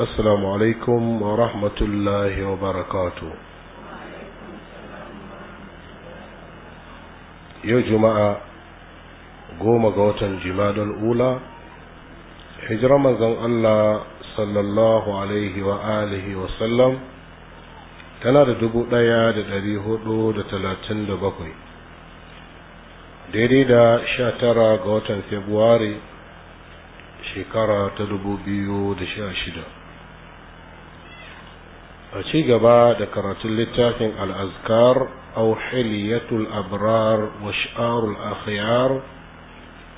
السلام عليكم ورحمة الله وبركاته يا جماعة قوم قوتا جماد الأولى هجر من الله صلى الله عليه وآله وسلم tana da dubu ɗaya da ɗari hudu da talatin da bakwai daidai da sha tara ga watan februari shekara ta dubu biyu da sha shida a ci gaba da karatun littafin al'azkar au hiliyatul abrar wa sha'arul akhyar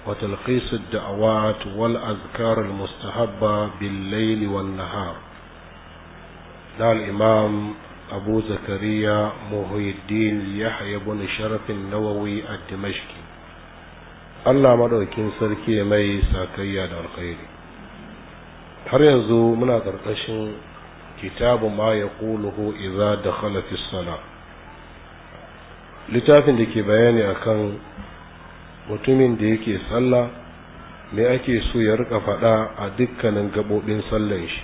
wa talqisud da'awat wal azkar al mustahabba bil layli wan nahar da al imam abu zakariya muhyiddin yahya ibn sharaf an-nawawi ad-dimashqi Allah madaukin sarki mai sakayya da alkhairi har yanzu muna karkashin kitabu ma ya ƙuluhu iza da khalafis sana littafin da ke bayani akan mutumin da yake sallah me ake so ya rika faɗa a dukkanin gaɓoɓin sallan shi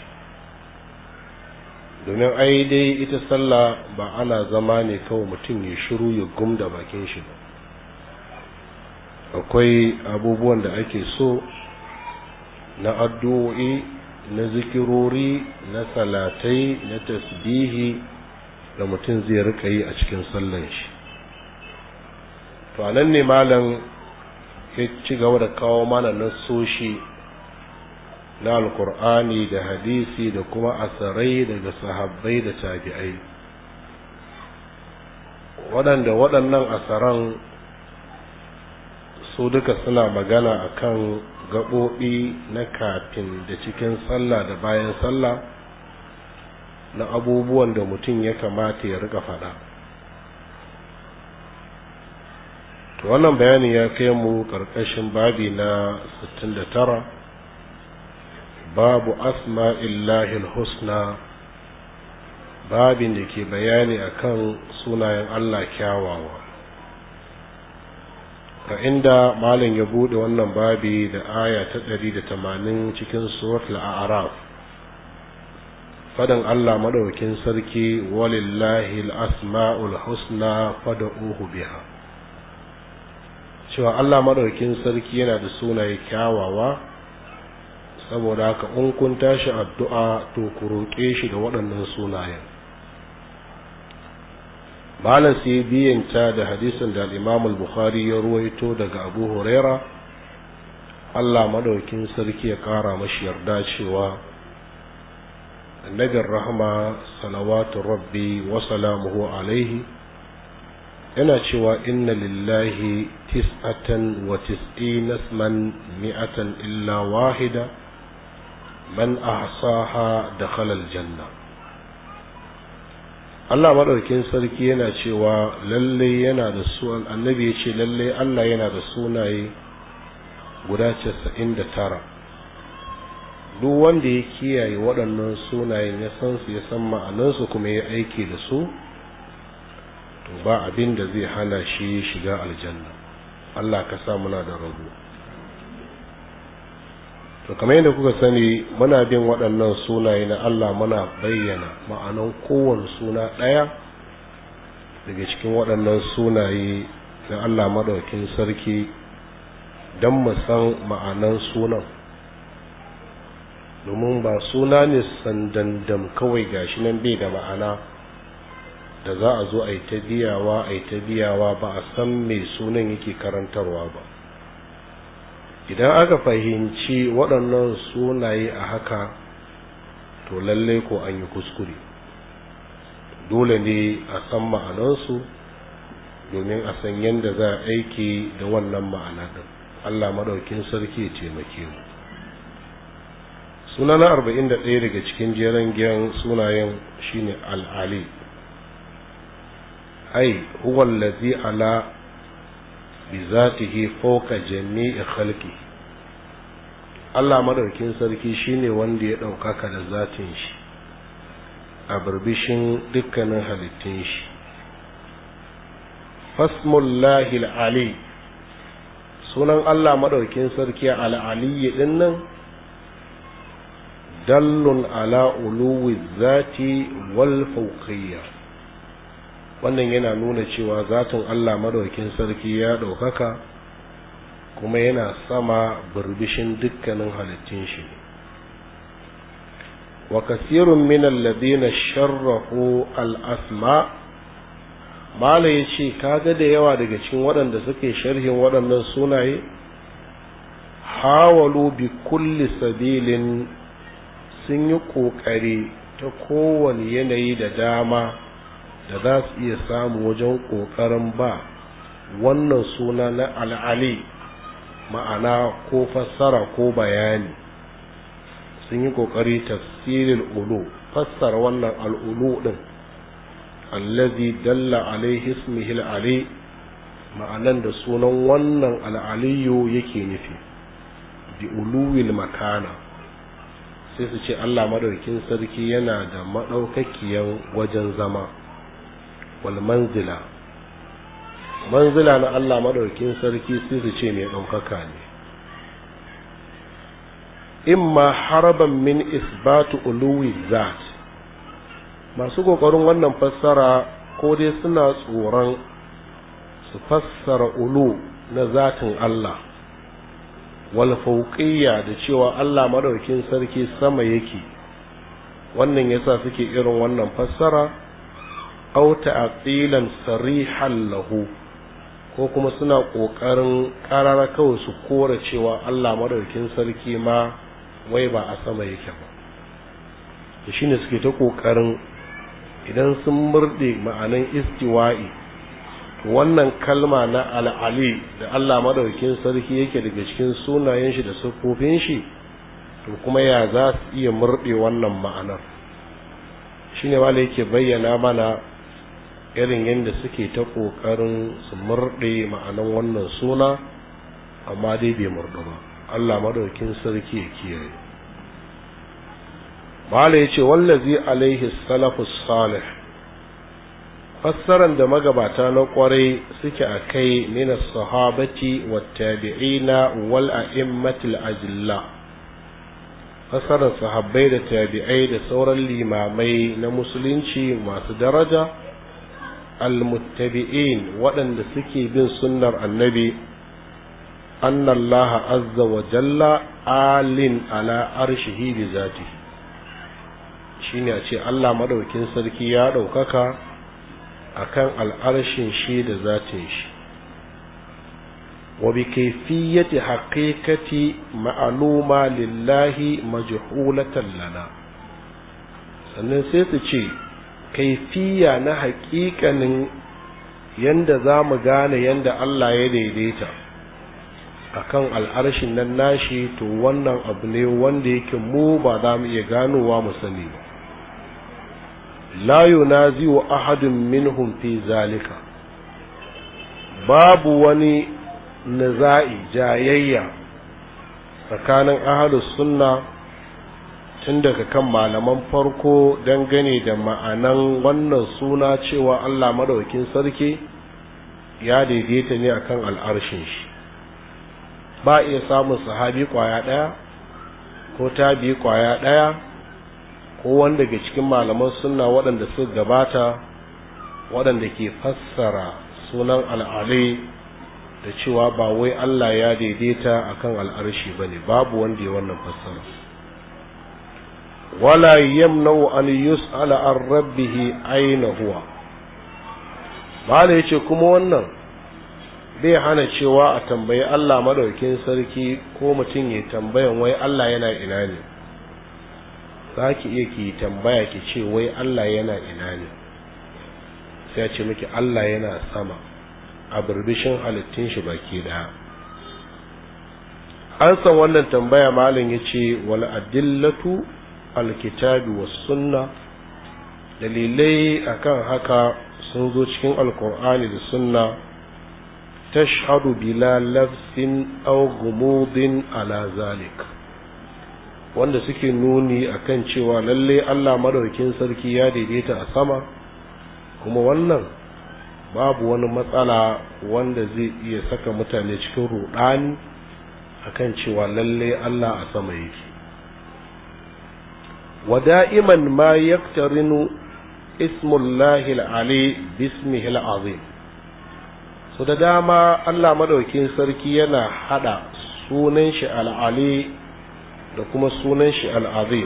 domin ai dai ita sallah ba ana zama ne kawai mutum ya shiru ya gumda bakin shi ba akwai abubuwan da ake so na addu'o'i na zikirori na salatai na tasbihi da mutum zai rika yi a cikin sallan shi to anan ne malam ya ci gaba da kawo mana nasoshi na alkur'ani da hadisi da kuma asarai daga sahabbai da tabi'ai waɗanda waɗannan asaran su duka suna magana akan gaɓoɓi na kafin da cikin sallah da bayan sallah na abubuwan da mutum ya kamata ya rika faɗa to wannan bayani ya kai mu ƙarƙashin babi na tara, babu illahil husna babin da ke bayani akan sunayen allah kyawawa a inda malam ya bude wannan babi da aya ta ɗari da tamanin cikin suratul a'raf faɗin Allah maɗaukin sarki walillahi asmaul husna uhu biya. cewa Allah maɗaukin sarki yana da sunaye kyawawa saboda ka in tashi addu'a to ku roƙe shi da waɗannan sunayen malam sai biyanta da hadisin da al bukhari ya ruwaito daga abu huraira Allah maɗaukin sarki ya ƙara mashi yarda cewa annabin rahama salawatu rabbi wa salamuhu alaihi yana cewa inna lillahi tis'atan wa tis'ina man mi'atan illa wahida man ahsaha dakhala janna. Allah maɗaukin sarki yana cewa lalle yana da sunan annabi ya ce lalle Allah yana da sunaye guda casa'in da tara duk wanda ya kiyaye waɗannan sunayen ya san su ya san ma'anansu kuma ya aiki da su to ba abin da zai hana shi shiga aljanna Allah ka sa muna da rabu to kamar yadda kuka sani muna bin waɗannan sunaye na Allah muna bayyana ma'anan kowane suna ɗaya daga cikin waɗannan sunaye na Allah maɗaukin sarki don mu san ma'anan sunan domin ba suna ne sandandam kawai gashi nan bai da ma'ana da za a zo a yi ta biyawa a yi ta biyawa ba a san mai sunan yake karantarwa ba idan aka fahimci waɗannan sunaye a haka to lalle ko an yi kuskure dole ne a san ma'anansu domin a san yadda za a aiki da wannan ma'ana ɗin allah maɗaukin sarki ya taimake mu suna na arba'in da ɗaya daga cikin jeren giyan sunayen shine al'ali ai huwallazi ala bizatihi fawqa jami'i khalqi Allah madaukin sarki shine wanda ya ɗaukaka da zatin shi a barbishin dukkanin halittun shi fasmullahi ali sunan Allah madaukin sarki al-ali nan dallun ala uluwi zati wal fawqiyya wannan yana nuna cewa zatin Allah madaukin sarki ya ɗaukaka kuma yana sama burbishin dukkanin halittun shi wa kasirun min alladhina sharrahu al-asma mala yace kaga da yawa daga cikin waɗanda suke sharhin waɗannan sunaye hawalu bi kulli sabilin sun yi ƙoƙari ta kowane yanayi da dama da za su iya samu wajen ƙoƙarin ba wannan suna na al'ali ma'ana ko fassara ko bayani sun yi ƙoƙari tafsirin ulu fassara wannan al'ulu ɗin allazi dalla alaihi ismihi al'ali ma'anan da sunan wannan al'aliyu yake nufi bi uluwil makana sai su ce Allah madaukin sarki yana da maɗaukakkiyar wajen zama wal manzila manzila na Allah maɗaukin sarki sai su ce mai ɗaukaka ne imma haraban min isbatu uluwi zat masu kokarin wannan fassara ko dai suna tsoron su fassara ulu na zatin Allah wal da cewa Allah maɗaukin sarki sama yake wannan yasa suke irin wannan fassara aw ta'tilan sarihan lahu ko kuma suna kokarin karara kawai su kora cewa Allah madaukin sarki ma wai ba a sama yake ba to shine suke ta kokarin idan sun murde ma'anan istiwa'i wannan kalma na al'ali da Allah madaukin sarki yake daga cikin sunayen shi da siffofin shi to kuma ya za su iya murde wannan ma'anar shine wala yake bayyana mana irin yadda suke ta ƙoƙarin su murɗe ma'anan wannan suna amma dai bai murɗu ba allah madaukin sarki ya kiyaye bala ya ce wallazi alaihi salafu salih fassaran da magabata na ƙwarai suke a kai nina sahabati wa tabi'ina wal a'immatil ajilla fassarar sahabbai da tabi'ai da sauran limamai na musulunci masu daraja almuttabi'in waɗanda suke bin sunnar annabi anna Allah azza wa jalla alin ala arshihi bi zati shine a ce Allah maɗaukin sarki ya ɗaukaka akan al'arshin shi da zatin shi wa bi kayfiyati haqiqati ma'luma lillahi majhulatan lana sannan sai su ce kaifiya na haƙiƙanin yanda za mu gane yanda Allah ya daidaita akan al'arshin nan nashi to wannan abu ne wanda yake mu ba za mu iya ganowa mu sani ba la yunazi'u ahadun minhum fi zalika babu wani nazai jayayya tsakanin ahlus sunna tun daga kan malaman farko dangane da ma'anan wannan suna cewa Allah madaukin sarki ya daidaita ne akan al'arshin shi ba iya samun sahabi kwaya ɗaya ko tabi kwaya ɗaya ko wanda daga cikin malaman suna waɗanda su gabata waɗanda ke fassara sunan al'ali da cewa ba wai Allah ya daidaita akan al'arshi ne, babu wanda ya wannan fassara wala يمنع an yus'ala عن ربه aina هو bala yace kuma wannan bai hana cewa a tambayi Allah madaukin sarki ko mutum ya tambayan wai Allah yana ina ne za ki iya ki tambaya ki ce wai Allah yana ina ne sai ya ce miki Allah yana sama a birbishin halittun shi baki daya an san wannan tambaya malin ya ce wal adillatu alkitabi was sunna dalilai akan haka sun zo cikin alkur'ani da sunna tashhadu bila lafsin aw gumudin ala zalik wanda suke nuni akan cewa lallai Allah madaukin sarki ya daidaita a sama kuma wannan babu wani matsala wanda zai iya saka mutane cikin rudani akan cewa lallai Allah a sama yake ودائما ما يقترن اسم الله العلي باسمه العظيم so da dama Allah madaukin sarki yana hada sunan shi al'ali da kuma sunan shi al'azim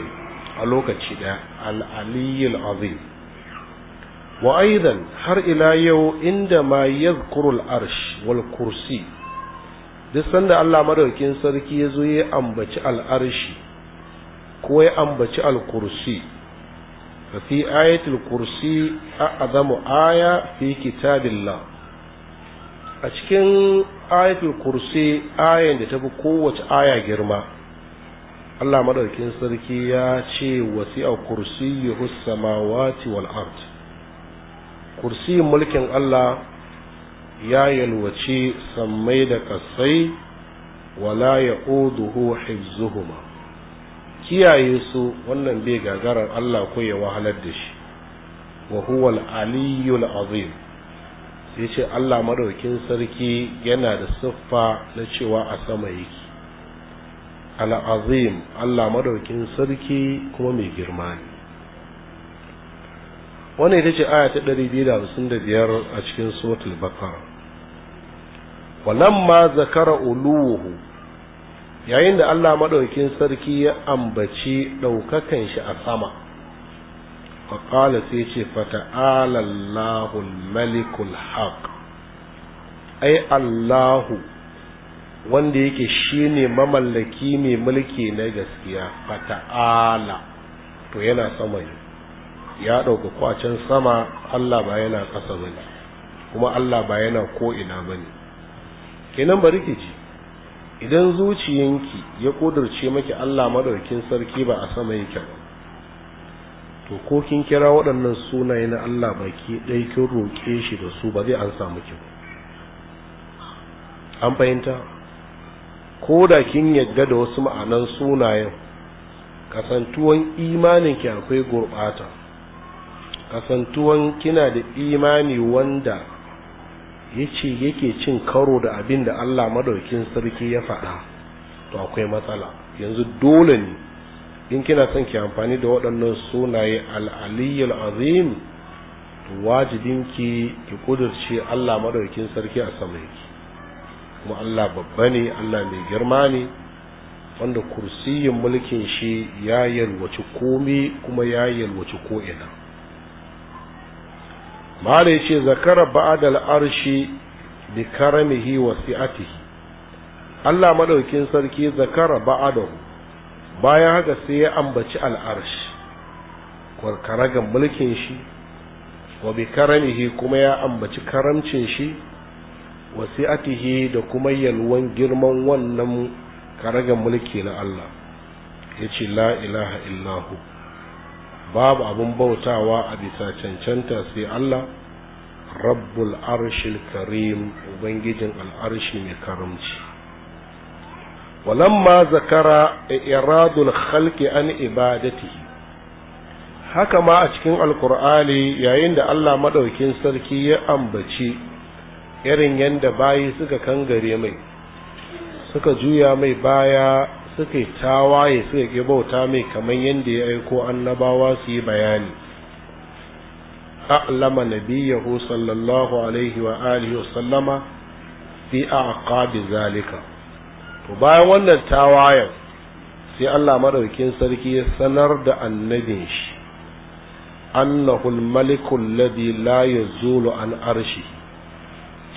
a lokaci daya al'aliyyul azim wa aidan har ila yau inda ma yadhkurul arsh wal kursi duk sanda Allah madaukin sarki ya zo ya ambaci al'arshi ko ya ambaci al-kursi fa fi al kursi a'zamu aya fi kitabillah a cikin al kursi ayan da tafi kowace aya girma Allah madaukin sarki ya ce kursi kursiyyuhu samawati wal ard kursi mulkin Allah ya yalwaci sammai da kasai wala ya ƙuduhu kiyaye su wannan bai gagarar Allah ko ya wahalar da shi wa huwa al-aliyyul azim sai ce Allah madaukin sarki yana da siffa na cewa a sama yake al-azim Allah madaukin sarki kuma mai girma ne wannan ita ce aya ta 255 a cikin suratul baqara walamma zakara uluhu yayin da Allah maɗaukin sarki ya ambaci ɗaukakan shi a sama fa qala sai ce fata'ala malikul haq ai Allahu wanda yake ne mamallaki mai mulki na gaskiya fata'ala to yana sama ne ya dauka kwacin sama Allah ba yana kasa bane kuma Allah ba yana ko ina bane kenan bari ki ji idan zuciyanki ya kudurce maki Allah madaukin sarki ba a sama yake ba to ko kin kira waɗannan sunaye na Allah baki dai kin roƙe shi da su ba zai an samu ki an fahimta ko da kin yadda da wasu ma'anan sunayen kasantuwan imanin ki akwai gurbata, kasantuwan kina da imani wanda yace yake cin karo da abin da Allah madaukin sarki ya faɗa to akwai matsala yanzu dole ne in kina son ki amfani da waɗannan sunaye al-aliyyul azim to wajibin ki ki kudurce Allah madaukin sarki a sama yake kuma Allah babba ne Allah mai girma ne wanda kursiyin mulkin shi ya yalwaci komai kuma ya yalwaci ko'ina malai ce zakara ba'dal arshi bi karamihi wa si'atihi Allah madaukin sarki zakara ba'dahu baya haka sai ya ambaci al'arshi kwarkaragan mulkin shi wa bi karamihi kuma ya ambaci karamcin shi wa si'atihi da kuma yalwan girman wannan karagan mulki na Allah yace la ilaha illahu babu abin bautawa a bisa cancanta sai Allah rabbul arshil karim ubangijin al'arshi mai karamci walamma zakara iradul khalqi an ibadatihi haka ma a cikin alkur'ani yayin da Allah madaukin sarki ya ambaci irin yadda bayi suka kangare mai suka juya mai baya suka yi tawaye suka ƙi bauta mai kamar yadda ya aiko annabawa su yi bayani a'lama nabiyahu sallallahu alaihi wa alihi wa sallama fi aqabi zalika to bayan wannan tawayen sai Allah madaukin sarki ya sanar da annabin shi annahu al-maliku alladhi la yazulu an arshi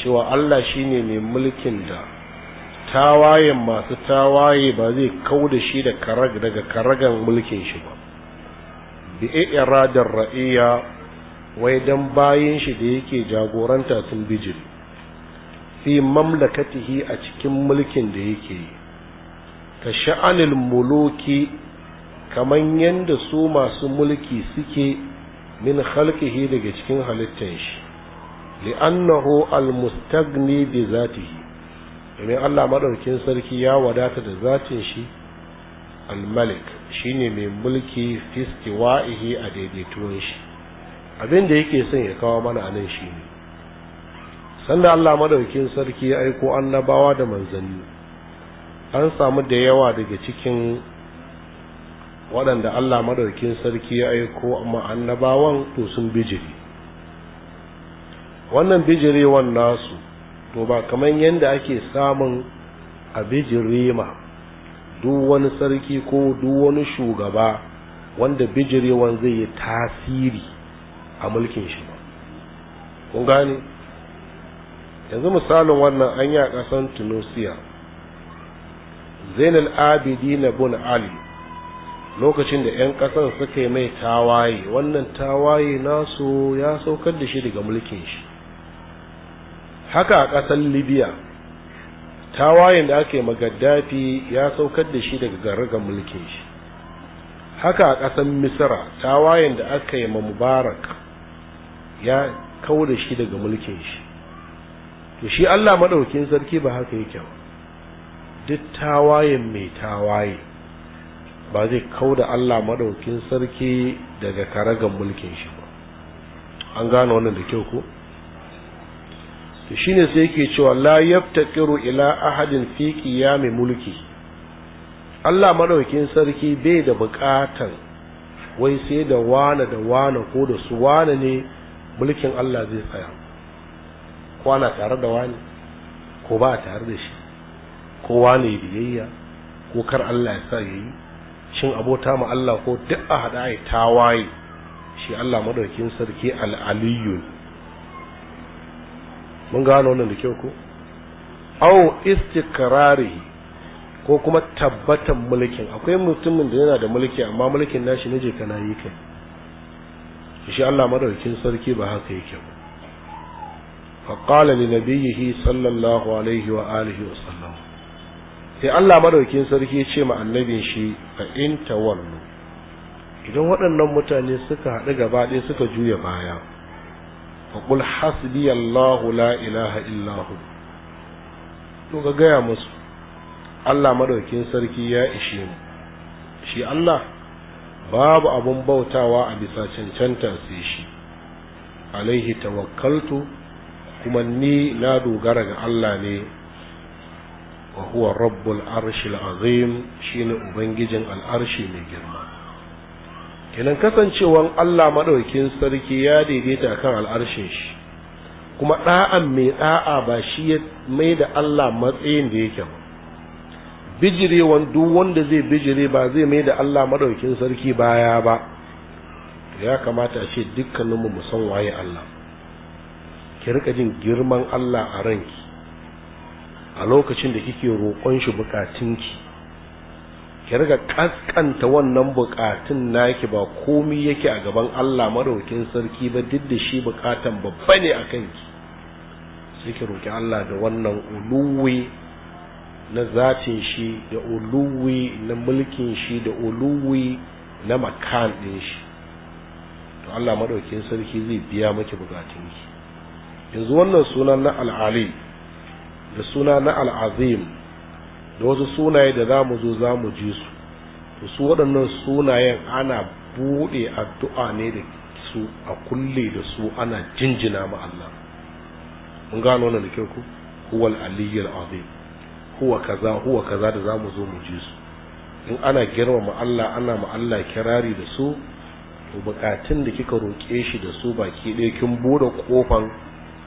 cewa Allah shine mai mulkin da tawayen masu tawaye ba zai kau da shi da karag daga karagan mulkin shi ba bi iradar ra'iya wai dan bayan shi da yake jagoranta sun bijiri fi mamlakatihi a cikin mulkin da yake yi ka sha'anil muluki kaman yanda su masu mulki suke min khalqihi daga cikin halittan shi li'annahu al-mustagni bi zatihi domin Allah maɗaukin sarki ya wadata da zatin shi al-malik shine mai mulki waihi a daidaituwan shi abinda da yake son ya kawo mana anan shine sanda Allah maɗaukin sarki ya aiko annabawa da manzanni an samu da yawa daga cikin waɗanda Allah maɗaukin sarki ya aiko amma annabawan to sun bijiri wannan bijirewan nasu to ba kamar yadda ake samun abijirima duk wani sarki ko duk wani shugaba wanda bijirewan zai yi tasiri a mulkin shi ba kun gane yanzu misalin wannan an yi a ƙasan tunisia zainal abidi na bun ali lokacin da 'yan ƙasan suka yi mai tawaye wannan tawaye nasu ya saukar da shi daga mulkin shi haka a ƙasar libya tawayen da aka yi magaddafi ya saukar da shi daga garagar mulkin shi haka a ƙasar misira tawayen da aka yi ma mubarak ya kawo da shi daga mulkin shi to shi allah maɗaukin sarki ba haka yake ba duk tawayen mai tawaye ba zai kawo da allah maɗaukin sarki daga karagan mulkin shi ba an gane wannan da kyau ko to shine sai yake cewa la yaftakiru ila ahadin fi qiyami mulki Allah madaukin sarki bai da buƙatar wai sai da wane da wane ko da su wane ne mulkin Allah zai tsaya kwana tare da wani ko ba tare da shi ko wane biyayya ko kar Allah ya sa yayi shin abota ma Allah ko duk a hada ai tawaye shi Allah madaukin sarki al-aliyyu mun gano wannan da kyau ko au istikrari ko kuma tabbatan mulkin akwai mutumin da yana da mulki amma mulkin nashi ne je kana yi kai shi Allah madaukin sarki ba haka yake ba fa qala li nabiyhi sallallahu alaihi wa alihi wa sallam sai Allah madaukin sarki ya ce ma annabin shi fa in tawallu idan waɗannan mutane suka haɗu gaba ɗaya suka juya baya faƙul hasbi Allahu la ilaha illahu to ga gaya musu Allah madaukin sarki ya ishe mu shi Allah babu abun bautawa a bisa cancanta sai shi alaihi tawakkaltu kuma ni na dogara ga Allah ne wa huwa rabbul arshil azim shine ubangijin al'arshi mai girma kenan kasancewan Allah maɗaukin sarki ya daidaita kan al'arshin shi kuma ɗa'an mai ɗa'a ba shi ya mai da Allah matsayin da yake ba bijirewan duk wanda zai bijire ba zai mai da Allah maɗaukin sarki baya ba ya kamata a ce dukkaninmu mu san waye Allah ki rika jin girman Allah a ranki a lokacin da kike roƙon shi bukatunki ki riga kaskanta wannan bukatun naki ba komai yake a gaban Allah maɗaukin sarki ba duk da shi bukatan babba ne a kanki sai ki roki Allah da wannan uluwi na zatin shi da uluwi na mulkin shi da uluwi na makan din shi to Allah madaukin sarki zai biya miki bukatunki yanzu wannan sunan na al-ali da suna na al'azim da wasu sunaye da za mu zo za mu ji su to su waɗannan sunayen ana buɗe addu'a ne da su a kulle da su ana jinjina ma Allah mun gano wannan da kyau ku huwa al-aliyyul azim huwa kaza huwa kaza da za mu zo mu ji su in ana girmama Allah ana ma Allah kirari da su to bukatun da kika roƙe shi da su baki ɗaya kin bude kofan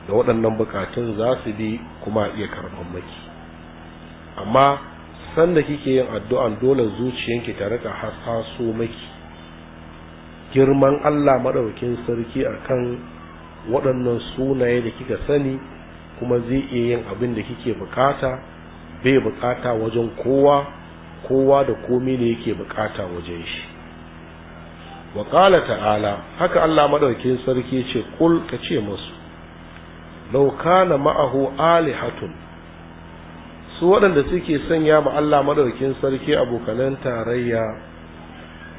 da waɗannan bukatun za su bi kuma iya karɓan maki amma sanda kike yin addu'an dole zuciyanki ta rika hasaso maki girman Allah Maɗaukin sarki akan waɗannan sunaye da kika sani kuma zai iya yin abin da kike bukata bai bukata wajen kowa kowa da komai ne yake bukata wajen shi wa qala ta'ala haka Allah Maɗaukin sarki ce kul ka ce musu law kana ma'ahu alihatun su waɗanda suke sanya ma Allah madaukin sarki abokanan tarayya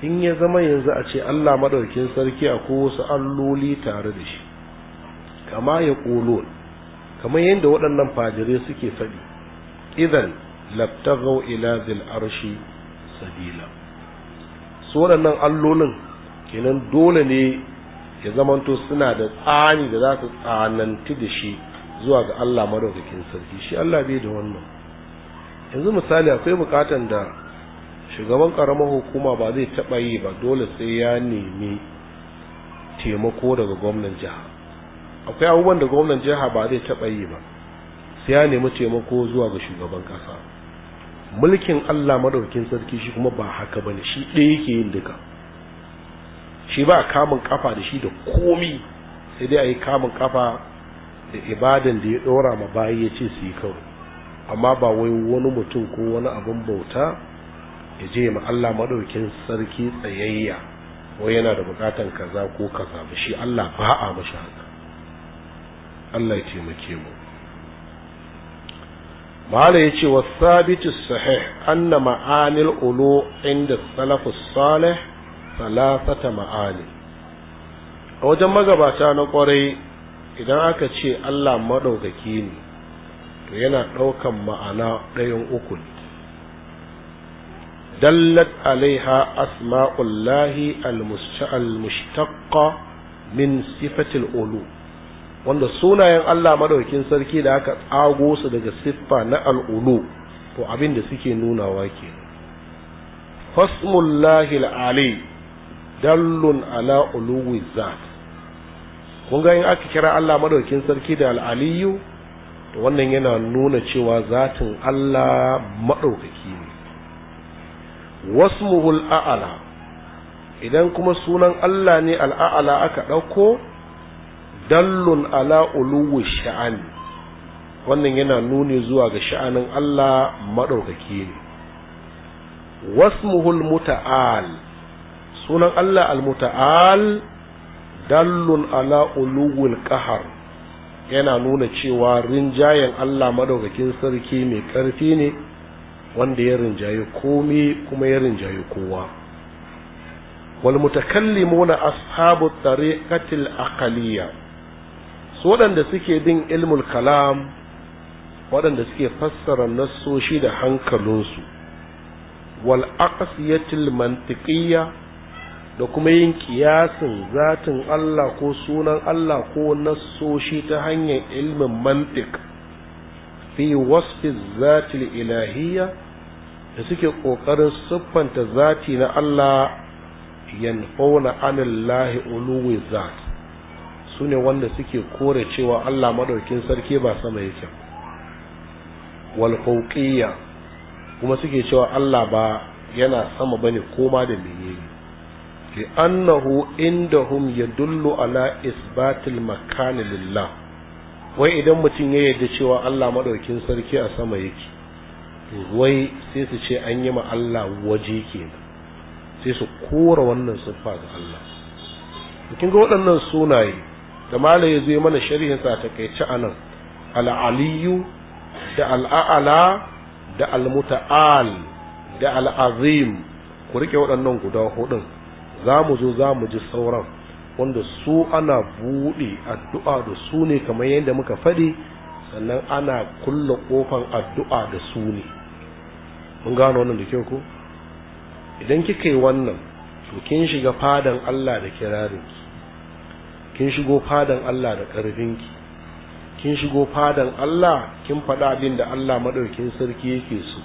in ya zama yanzu a ce Allah madaukin sarki a wasu alloli tare da shi kama ya ƙolo kamar yadda waɗannan fajire suke faɗi idan labtagau ila zil arshi sabila su waɗannan allolin kenan dole ne ya zamanto suna da tsani da za su tsananti da shi zuwa ga Allah madaukakin sarki shi Allah bai da wannan yanzu misali akwai bukatan da shugaban karamar hukuma ba zai taɓa yi ba dole sai ya nemi taimako daga gwamnan jiha akwai abubuwan da gwamnan jiha ba zai taba yi ba sai ya nemi taimako zuwa ga shugaban ƙasa mulkin allah madaukin sarki shi kuma ba haka ba ne shi ɗaya yake yin duka shi ba kamun kafa da shi da komi sai dai a yi kamun kafa da ibadan da ya ɗora ma bayi ya ce su yi kawai amma ba wai wani mutum ko wani abin bauta ya je ma Allah madaukin sarki tsayayya wai yana da buƙatan kaza ko kaza ba shi Allah ba a mashi haka Allah ya taimake mu mala yace wasabitu sahih anna ma'anil ulu inda salafus salih salafata ma'ani a wajen magabata na kwarai idan aka ce Allah madaukaki ne to yana ɗaukan ma'ana ɗayan uku dallat alaiha asma'ullahi al-mushtaqqa min sifatil ulu wanda sunayen Allah madaukin sarki da aka tsago su daga siffa na al'ulu to abin da suke nunawa ke fasmullahi al'ali dallun ala uluwi zat kun ga in aka kira Allah madaukin sarki da al'aliyu Da wannan yana nuna cewa zatin Allah maɗaukaki ne wasmuhul a'ala idan kuma sunan Allah ne al'a'ala aka ɗauko dallun ala uluwu sha'ani wannan yana nuni zuwa ga sha'anin Allah maɗaukaki ne wasmuhul muta'al sunan Allah al-muta'al dallun ala uluwul qahar yana nuna cewa rinjayen Allah madaukakin sarki mai ƙarfi ne wanda ya rinjaye komai kuma ya rinjaye kowa wal mutakallimuna ashabu tariqatil aqaliyya su wadanda suke bin ilmul kalam wadanda suke fassara nassoshi da hankalinsu wal aqsiyatil mantiqiyya da kuma yin kiyasin zatin Allah ko sunan Allah ko nassoshi ta hanyar ilmin mantik fi wasfi zatil ilahiyya da suke ƙoƙarin siffanta zati na Allah fauna anillahi uluwi zat su ne wanda suke kore cewa Allah maɗaukin sarki ba sama yake wal kuma suke cewa Allah ba yana sama bane koma da menene bi annahu indahum yadullu ala isbatil makani lillah wai idan mutum ya yarda cewa Allah madaukin sarki a sama yake wai sai su ce an yi ma Allah waje kenan sai su kora wannan sifa ga Allah kin ga waɗannan sunaye da malai ya zo mana sharhin sa takeice anan al-aliyu da al a'ala da al-muta'al da al-azim ku rike waɗannan guda hudun za mu zo za mu ji sauran wanda su ana buɗe addu'a da su ne kamar yadda muka faɗi sannan ana kulle ƙofan addu'a da su ne mun gano wannan da kyau ko idan kika yi wannan to kin shiga fadan Allah da kirarinki kin shigo fadan Allah da ƙarfinki kin shigo fadan Allah kin faɗa abin da Allah maɗaukin sarki yake so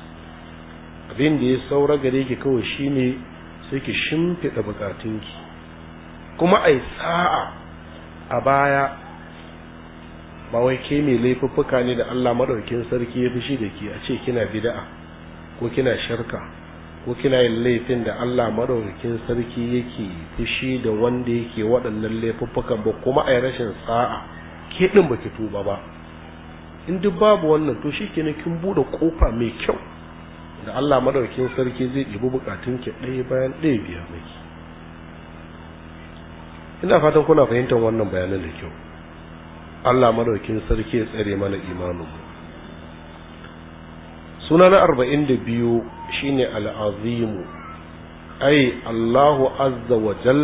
abin da ya saura gare ki kawai shine sai ki shimfiɗa bukatunki kuma ai sa'a a baya ba wai ke mai laifuffuka ne da Allah madaukin sarki ya fushi da ke a ce kina bida'a ko kina shirka ko kina yin laifin da Allah madaukin sarki yake fushi da wanda yake waɗannan laifuffukan ba kuma ai rashin sa'a ke din baki tuba ba in duk babu wannan to shikenan kin buɗe kofa mai kyau da Allah maɗaukin sarki zai ibi bukatun ɗaya bayan ɗaya biya maki ina fatan kuna fahimtar wannan bayanan da kyau Allah madaukin sarki ya tsare mana imanin mu suna na arba'in da biyu shine al'azimu ai Allahu azza wa jal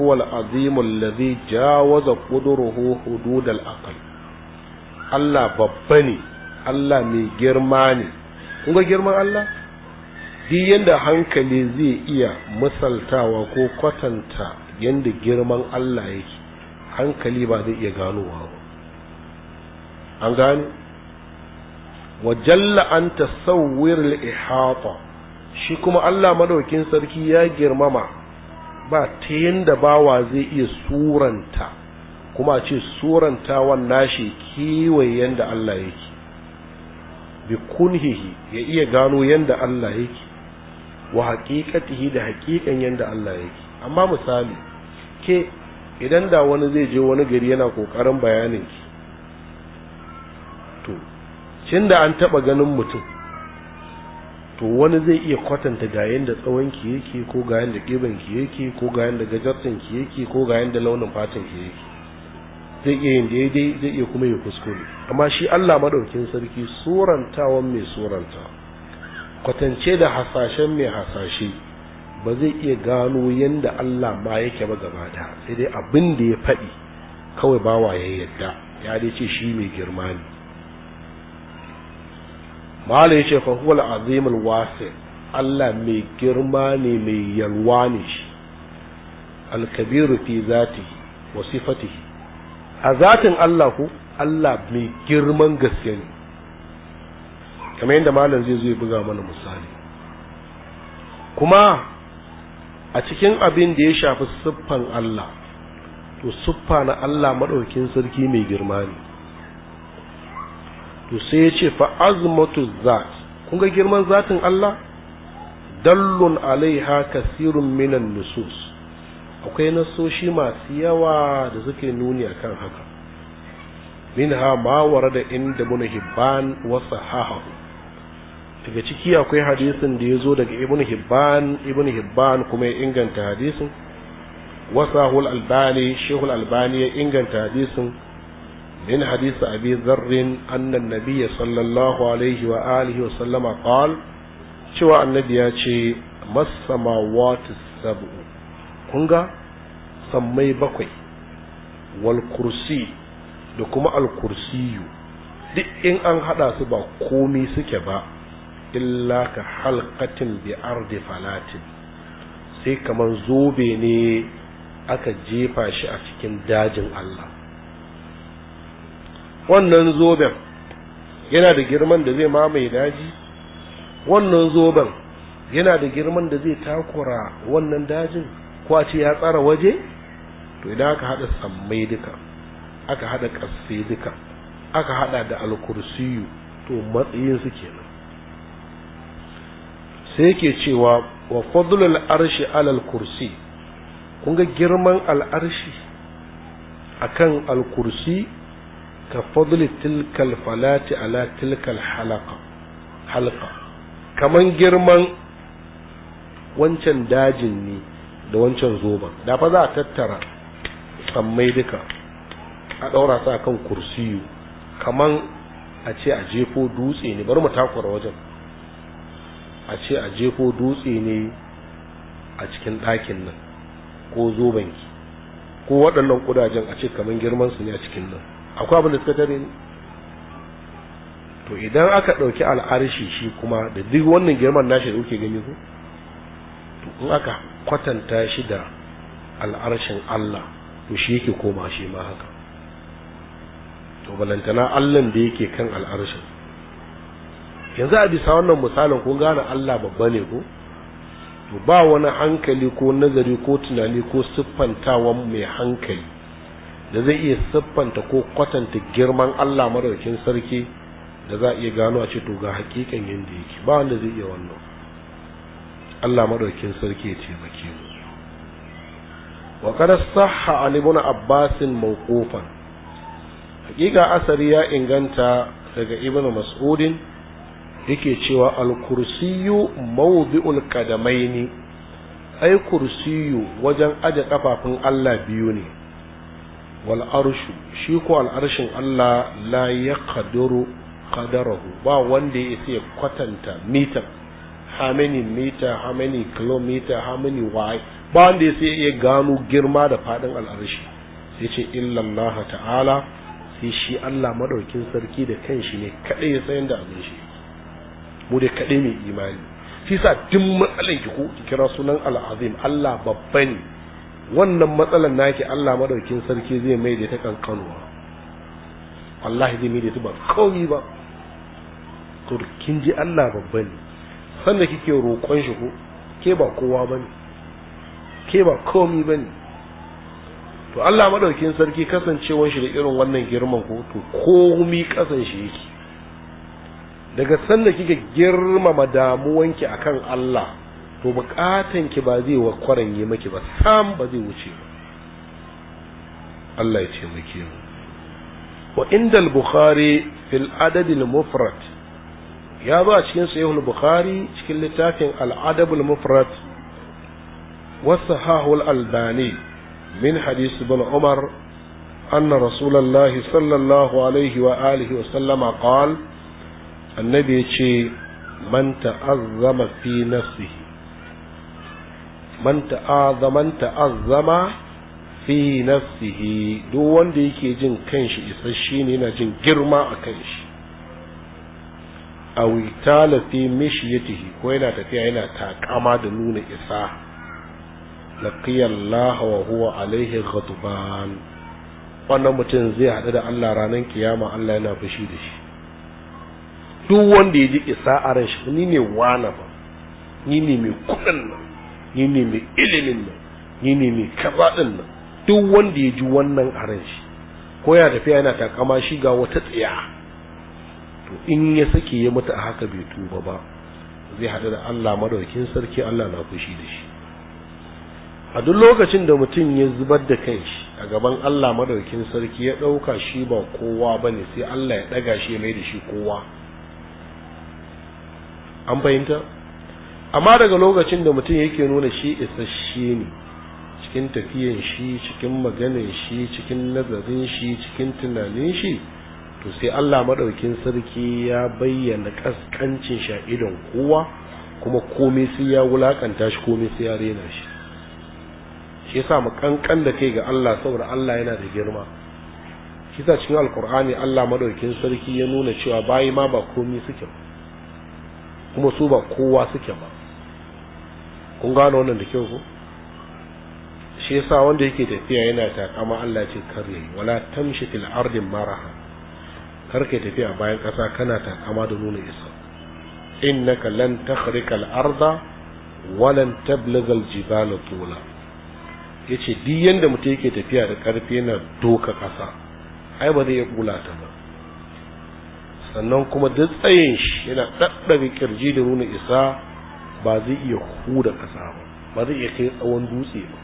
huwa al'azimu alladhi jawaza qudruhu hudud al-aql Allah babba ne Allah mai girma ne kun ga girman Allah duk yadda hankali zai iya misaltawa ko kwatanta yadda girman Allah yake hankali ba zai iya ganowa ba an gane wa jalla an ta ihata shi kuma Allah madaukin sarki ya girmama ba ta yadda bawa zai iya suranta kuma ce surantawan shi kewaye yadda Allah yake bi kunhihi ya iya gano yadda Allah yake wa haqiqatihi da haƙiƙan yanda Allah yake amma misali ke idan da wani zai je wani gari yana kokarin bayanin ki to cin da an taba ganin mutum to wani zai iya kwatanta ga yanda tsawon ki yake ko ga yanda kiban ki yake ko ga yanda gajartan ki yake ko ga yanda launin fatan ki yake zai iya yin daidai zai iya kuma yi kuskure amma shi Allah madaukin sarki surantawan mai suranta kwatance da hasashen mai hasashe ba zai iya gano yadda Allah ma yake ba gaba da sai dai abin da ya faɗi kawai bawa wa yadda ya dai ce shi mai girma ne mala ya ce fa huwa al-azim Allah mai girma ne mai yalwa ne shi al-kabiru fi zatihi wa sifatihi a zatin Allah ko Allah mai girman gaske ne kamar yadda malam zai zo buga mana misali kuma a cikin abin da ya shafi siffan Allah to siffa na Allah maɗaukin sarki mai girma ne to sai ya ce fa azmatu zat kun ga girman zatin Allah dallun alaiha kasirun minan nusus akwai nasoshi masu yawa da suke nuni akan haka minha ma warada inda muna hibban wa sahahahu daga ciki akwai hadisin da ya zo daga ibn hibban ibn hibban kuma ya inganta hadisin wasahul albani shehul albani ya inganta hadisin min hadisi abi zarrin annan nabiyya sallallahu alaihi wa alihi wa sallama qal cewa annabi ya ce masamawati sab'u kun ga sammai bakwai wal kursi da kuma al kursiyu duk in an hada su ba komai suke ba illa ka halkatin bi ardi falatin sai kamar zobe ne aka jefa shi a cikin dajin Allah wannan zoben yana da girman da zai mamaye daji wannan zoben yana da girman da zai takura wannan dajin ko a ce ya tsara waje to idan aka haɗa sammai duka aka haɗa ƙasai duka aka haɗa da alkursiyu to matsayin su kenan sai yake cewa wa fadlul arshi alal kursi kun ga girman al'arshi akan al-kursi ka fadli tilkal falati ala tilkal halaka kaman girman wancan dajin ne da wancan zoban da fa za a tattara sammai duka a ɗaura su akan kursiyu kaman a ce a jefo dutse ne bari mu takura wajen a ce a jefo dutse ne a cikin ɗakin nan ko zobanki ko waɗannan ƙudajen a ce kamar girman su ne a cikin nan akwai abin da suka tare ne to idan aka ɗauki al'arshi shi kuma da duk wannan girman nashi da kuke gani ko to in aka kwatanta shi da al'arshin Allah to shi yake koma shi ma haka to balantana Allah da yake kan al'arshin yanzu a bisa wannan misalin kun gane Allah babba ne ko to ba wani hankali ko nazari ko tunani ko siffantawa mai hankali da zai iya siffanta ko kwatanta girman Allah madaukin sarki da za a iya gano a ce to ga hakikan yadda yake ba wanda zai iya wannan Allah madaukin sarki ya taimake mu wa kada sahha an ibn abbas mawqufan hakika asari ya inganta daga ibn mas'udin yake cewa alkursiyu mawdi'ul qadamaini ai kursiyu wajen aje kafafun Allah biyu ne wal arshu shi ko al arshin Allah la yaqdiru qadarahu ba wanda ya kwatanta mita how many meter how many kilometer how many wide ba wanda ya iya gano girma da fadin al arshi sai ce Allah ta'ala sai shi Allah madaukin sarki da kanshi ne kadai ya sayan da abin shi mu dai kaɗai mai imani shi sa duk matsalan ki ko ki kira sunan al'azim Allah babba ne wannan matsalan naki Allah madaukin sarki zai mai da ta kankanuwa wallahi zai mai da ta ba komai ba to kin ji Allah babba ne sanda kike roƙon shi ko ke ba kowa bane ke ba komai bane to Allah madaukin sarki kasancewar shi da irin wannan girman ko to komi kasan shi yake daga sanda kika girmama damuwanki akan Allah to bukatan ki ba zai wa yi miki ba sam ba zai wuce ba Allah ya ce miki wa indal bukhari fil adad al mufrad ya zo a cikin sahih al bukhari cikin littafin al adab al mufrad wa sahih al albani min hadith ibn umar anna rasulullahi sallallahu alaihi wa alihi wa sallama qala annabi ya ce man ta'azzama fi nafsihi man ta'azzama ta'azzama fi nafsihi duk wanda yake jin kanshi isasshe ne yana jin girma a kanshi awi talafi fi ko yana tafiya yana takama da nuna isa laqiya Allah wa huwa alaihi ghadban wannan mutum zai haɗu da Allah ranar kiyama Allah yana fushi da shi duk wanda ya ji isa a ran shi ni ne wana ba ni ne mai kudin nan ni ne mai ilimin nan ni ne mai kaza nan duk wanda ya ji wannan a ran shi ko ya tafiya yana takama shi ga wata tsiya to in ya sake ya mutu a haka bai tuba ba zai haɗu da Allah madaukin sarki Allah na fushi da shi a duk lokacin da mutum ya zubar da kanshi a gaban Allah madaukin sarki ya ɗauka shi ba kowa ba ne sai Allah ya ɗaga shi ya mai da shi kowa an fahimta amma daga lokacin da mutum yake nuna shi isasshe ne cikin tafiyan shi cikin maganin shi cikin nazarin shi cikin tunanin shi to sai Allah madaukin sarki ya bayyana kaskancin sha'idan kowa kuma komai sai ya wulakanta shi komai sai ya rena shi shi yasa mu kankan da kai ga Allah saboda Allah yana da girma shi cikin alkur'ani Allah madaukin sarki ya nuna cewa bayi ma ba komai suke ba kuma su ba kowa suke ba kun gane wannan da kyau ko shi yasa wanda yake tafiya yana takama Allah ce karye wala tamshi fil ardi maraha kar ka tafiya bayan kasa kana takama da nuna isa innaka lan takhrika al arda walan tablugha al jibala tula yace duk yanda mutum yake tafiya da karfi na doka kasa ai ba zai iya kula ta ba sannan kuma duk tsayin shi yana ɗaɗɗaga kirji da nuna isa ba zai iya huda ƙasa ba ba zai iya kai tsawon dutse ba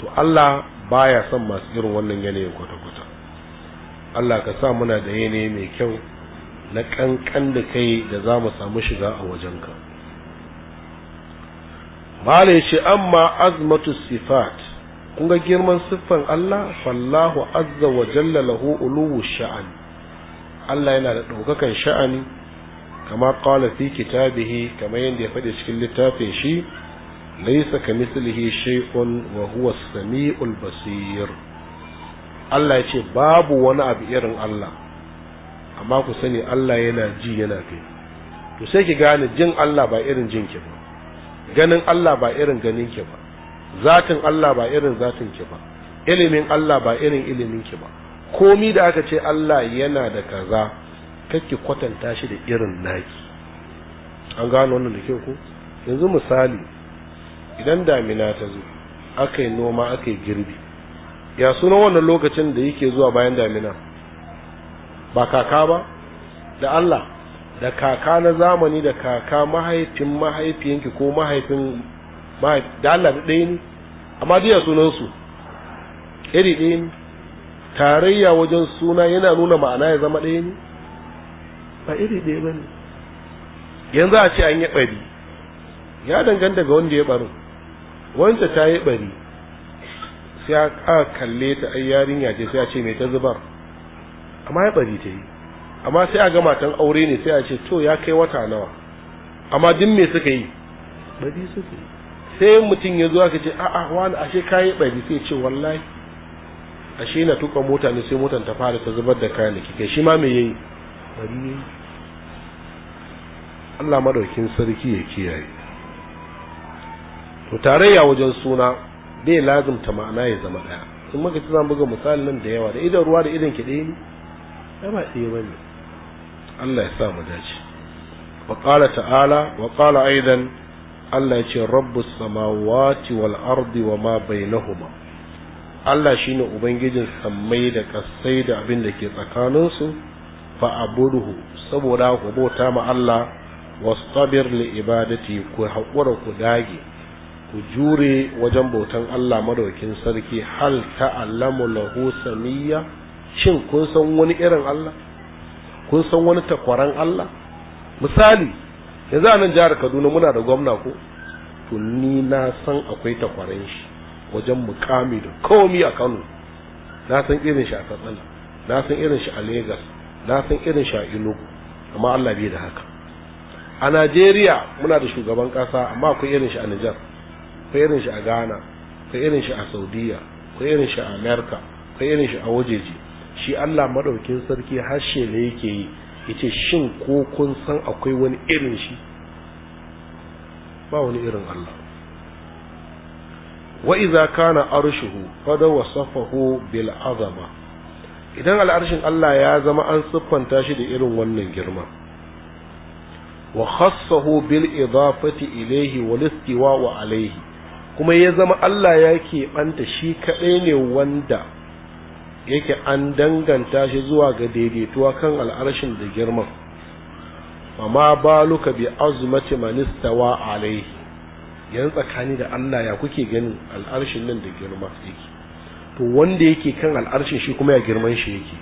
to Allah baya son masu irin wannan yanayin kwata-kwata Allah ka sa muna da yanayi mai kyau na ƙanƙan da kai da za mu samu shiga a wajenka mala ya amma azmatu sifat kun ga girman siffan Allah fallahu azza wa jalla lahu ulu sha'an Allah yana da ɗaukakan sha'ani kama qala fi kitabihi kama yadda ya faɗi cikin littafin shi ka mislihi shay'un wa huwa as-sami'ul basir Allah ya ce babu wani abu irin Allah amma ku sani Allah yana ji yana fi to sai ki gane jin Allah ba irin jin ki ba ganin Allah ba irin ganin ki ba zatin Allah ba irin zatin ki ba ilimin Allah ba irin ilimin ki ba komi da aka ce Allah yana da kaza kake kwatanta shi da irin naki an gano wannan da kyau ko yanzu misali idan damina ta zo aka yi noma aka yi girbi ya suna wannan lokacin da yake zuwa bayan damina ba kaka ba da Allah da kaka na zamani da kaka mahaifin mahaifiyanki ko mahaifin da Allah da ɗaya ne amma duya sunansu iri ɗaya ne tarayya wajen suna yana nuna ma'ana ya zama ɗaya ne ba iri ɗaya ba ne yanzu a ce an yi ɓari ya danganta ga wanda ya ɓarin wanda ta yi ɓari sai a kalle ta ai yarinya ce sai a ce mai ta zubar amma ya ɓari ta yi amma sai a ga matan aure ne sai a ce to ya kai wata nawa amma duk me suka yi ɓari suka yi sai mutum ya zo aka ce a'a wani ashe ka yi ɓari sai ce wallahi ashe na tuka mota ne sai motan ta fara ta zubar da kayan kai shi ma me yayi bari ne? Allah madaukin sarki ya kiyaye to tarayya wajen suna bai lazumta ma'ana ya zama daya in muka ci zan buga misalin nan da yawa da idan ruwa da idan ki ɗaya ne ai ba ɗaya ne Allah ya sa mu dace wa qala ta'ala wa qala aidan Allah ya ce rabbus samawati wal ardi wa ma bainahuma Allah shi ne ubangijin sammai da kasai da abin da ke tsakaninsu fa abuduhu saboda ku ma Allah wastabir li ibadati ku haƙura ku dage ku jure wajen bautan Allah madaukin sarki hal ta'allamu lahu samiyya shin kun san wani irin Allah kun san wani takwaran Allah misali yanzu a nan jihar Kaduna muna da gwamna ko to ni na san akwai takwaran shi wajen mukami da komi a kano na san irin shi a katsina na san irin shi a Legas, na san irin shi a inugu amma allah bai da haka a najeriya muna da shugaban kasa amma akwai irin shi a nijar akwai irin shi a ghana akwai irin shi a saudiya akwai irin shi a Amerika akwai irin shi a wajeji shi allah madaukin sarki harshe ne yake yi yace shin ko kun san akwai wani irin shi ba wani irin allah wa idza kana arshuhu qad wasafahu bil azama idan al'arshin Allah ya zama an siffanta shi da irin wannan girma wa khassahu bil idafati ilayhi wal istiwa wa alayhi kuma ya zama Allah ya keɓanta shi kaɗai ne wanda yake an danganta shi zuwa ga daidaituwa kan al'arshin da girman amma baluka bi azmati manistawa alaihi yanzu tsakani da Allah ya kuke ganin al'arshin nan da girma yake to wanda yake kan al'arshin shi kuma ya girman shi yake